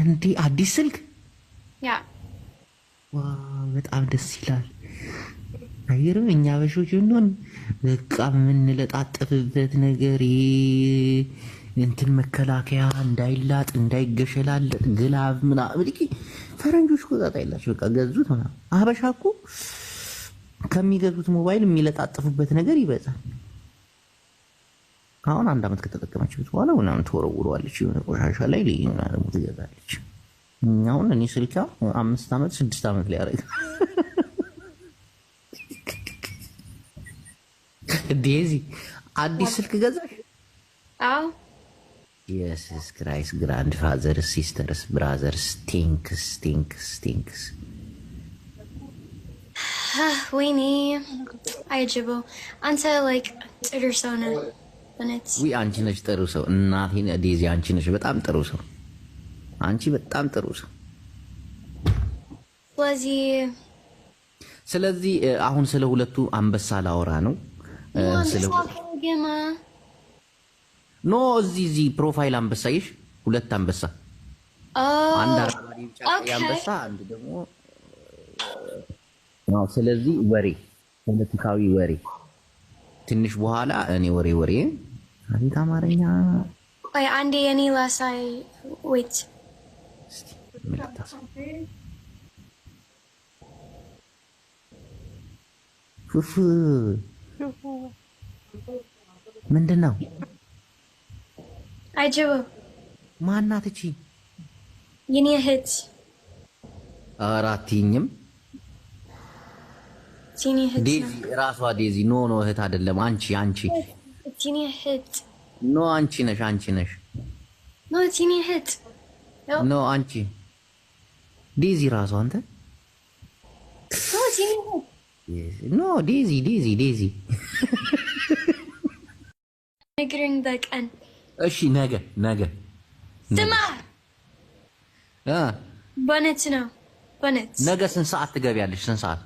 እንዲ አዲስ ስልክ ያ በጣም ደስ ይላል። አይርም እኛ በሾች ብንሆን በቃ የምንለጣጥፍበት ነገር እንትን መከላከያ እንዳይላጥ እንዳይገሸላለጥ ግላብ ምናምን ፈረንጆች ቆጣጣ የላቸው በቃ ገዙት ምናምን። አበሻ እኮ ከሚገዙት ሞባይል የሚለጣጥፉበት ነገር ይበዛል። አሁን አንድ ዓመት ከተጠቀመችበት በኋላ ምናምን ትወረውረዋለች የሆነ ቆሻሻ ላይ ልዩ ደግሞ ትገዛለች። አሁን እኔ ስልካ አምስት ዓመት ስድስት ዓመት ላይ ዴዚ አዲስ ስልክ ገዛሽ? አዎ። የስስ ክራይስት ግራንድ ፋዘርስ ሲስተርስ ብራዘርስ ቲንክስ ቲንክስ ቲንክስ ወይኔ አይጅበው አንተ ላይክ ጥሩ ሰው ነህ። በእውነት አንቺ ነሽ ጥሩ ሰው። እናቴን ዴዚ አንቺ ነሽ በጣም ጥሩ ሰው። አንቺ በጣም ጥሩ ሰው። ስለዚህ አሁን ስለ ሁለቱ አንበሳ ላወራ ነው። ኖ እዚህ እዚህ ፕሮፋይል አንበሳ ይሽ ሁለት አንበሳ፣ አንድ አንበሳ፣ አንድ ደግሞ ስለዚህ ወሬ ፖለቲካዊ ወሬ ትንሽ በኋላ እኔ ወሬ ወሬ አቤት አማርኛ። ቆይ አንዴ የኔ ላሳይ። ወይት ፉፉ ምንድን ነው? አይጅብም። ማናት እቺ? የኔ እህት አራትኝም ዴዚ፣ ራሷ ዴዚ። ኖ ኖ እህት አይደለም። አንቺ አንቺ ቲኒ እህት ኖ አንቺ ነሽ አንቺ ነሽ ኖ ቲኒ እህት ኖ አንቺ ዴዚ ራሱ አንተ ኖ ዴዚ ዴዚ ዴዚ ንግሪኝ በቀን እሺ ነገ ነገ ስማ በነች ነው በነች ነገ ስንት ሰዓት ትገቢያለሽ ስንት ሰዓት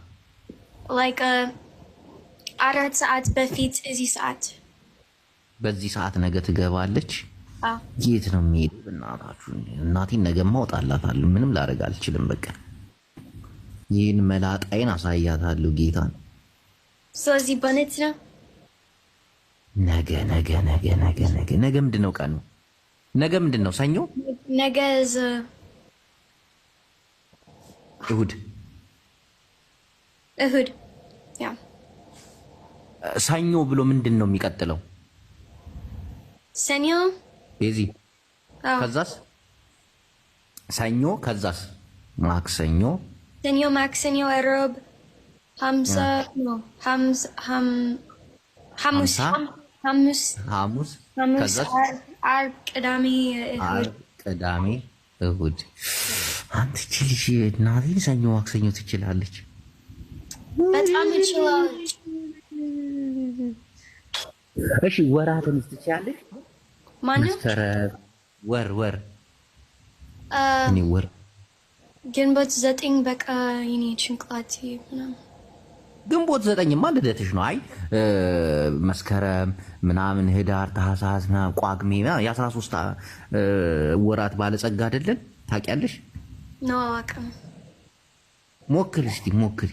ላይክ አራት ሰዓት በፊት እዚህ ሰዓት በዚህ ሰዓት ነገ ትገባለች። የት ነው የሚሄድ? እናታችሁ እናቴን ነገ ማውጣላታለሁ። ምንም ላደርግ አልችልም። በቃ ይህን መላጣይን አሳያታለሁ። ጌታ ነው ስለዚህ በነት ነው ነገ ነገ ነገ ነገ ነገ ነገ ምንድን ነው ቀኑ? ነገ ምንድን ነው? ሰኞ ነገ እሁድ እሁድ ሰኞ ብሎ ምንድን ነው የሚቀጥለው? ሰኞ ቤዚ ከዛስ ሰኞ ከዛስ ማክሰኞ ሰኞ ማክሰኞ ሮብ ቅዳሜ እሑድ ቅዳሜ እናቴን ሰኞ ማክሰኞ ትችላለች በጣም እሺ ወራትን ትችላለች መስከረም ወር ወር እኔ ወር ግንቦት ዘጠኝ በቃ የኔ ጭንቅላት ምናምን ግንቦት ዘጠኝማ ልደትሽ ነው። አይ መስከረም ምናምን ህዳር፣ ታህሳስ፣ ቋግሜ የአስራ ሶስት ወራት ባለጸጋ አይደለን? ታውቂያለሽ? ነው አዋቅም። ሞክሪ እስኪ ሞክሪ።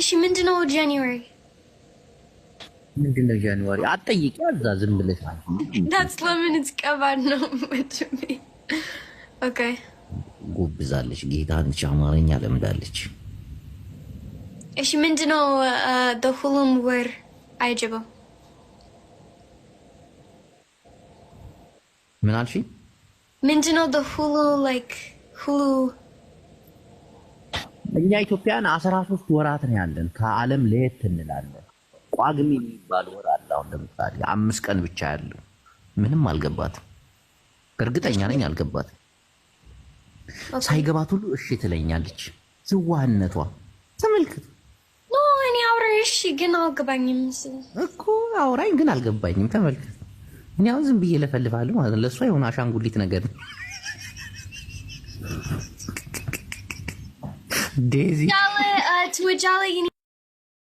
እሺ ምንድነው ጃንዋሪ ምንድን ነው ጃንዋሪ? አትጠይቂ። አዛ ዝም ብለሽ ዳት ለምን ትቀባል ነው ኦኬ። ጉብዛለች ጌታ አንቺ አማርኛ ለምዳለች። እሺ ምንድነው በሁሉም ወር አይጀበው? ምን አልሽ? ምንድነው በሁሉ ላይክ ሁሉ እኛ ኢትዮጵያን አስራ ሶስት ወራት ነው ያለን። ከዓለም ለየት እንላለን። ጳጉሜ የሚባል ወር አለ። አሁን ለምሳሌ አምስት ቀን ብቻ ያለው ምንም አልገባትም። እርግጠኛ ነኝ አልገባትም። ሳይገባት ሁሉ እሺ ትለኛለች። ዝዋህነቷ ተመልክቱ። እኔ እሺ፣ ግን አልገባኝም እኮ አውራኝ ግን አልገባኝም። ተመልክት። እኔ አሁን ዝም ብዬ ለፈልፋለሁ ማለት ነው። ለእሷ የሆነ አሻንጉሊት ነገር ነው። ዴዚ ትወጃለህ?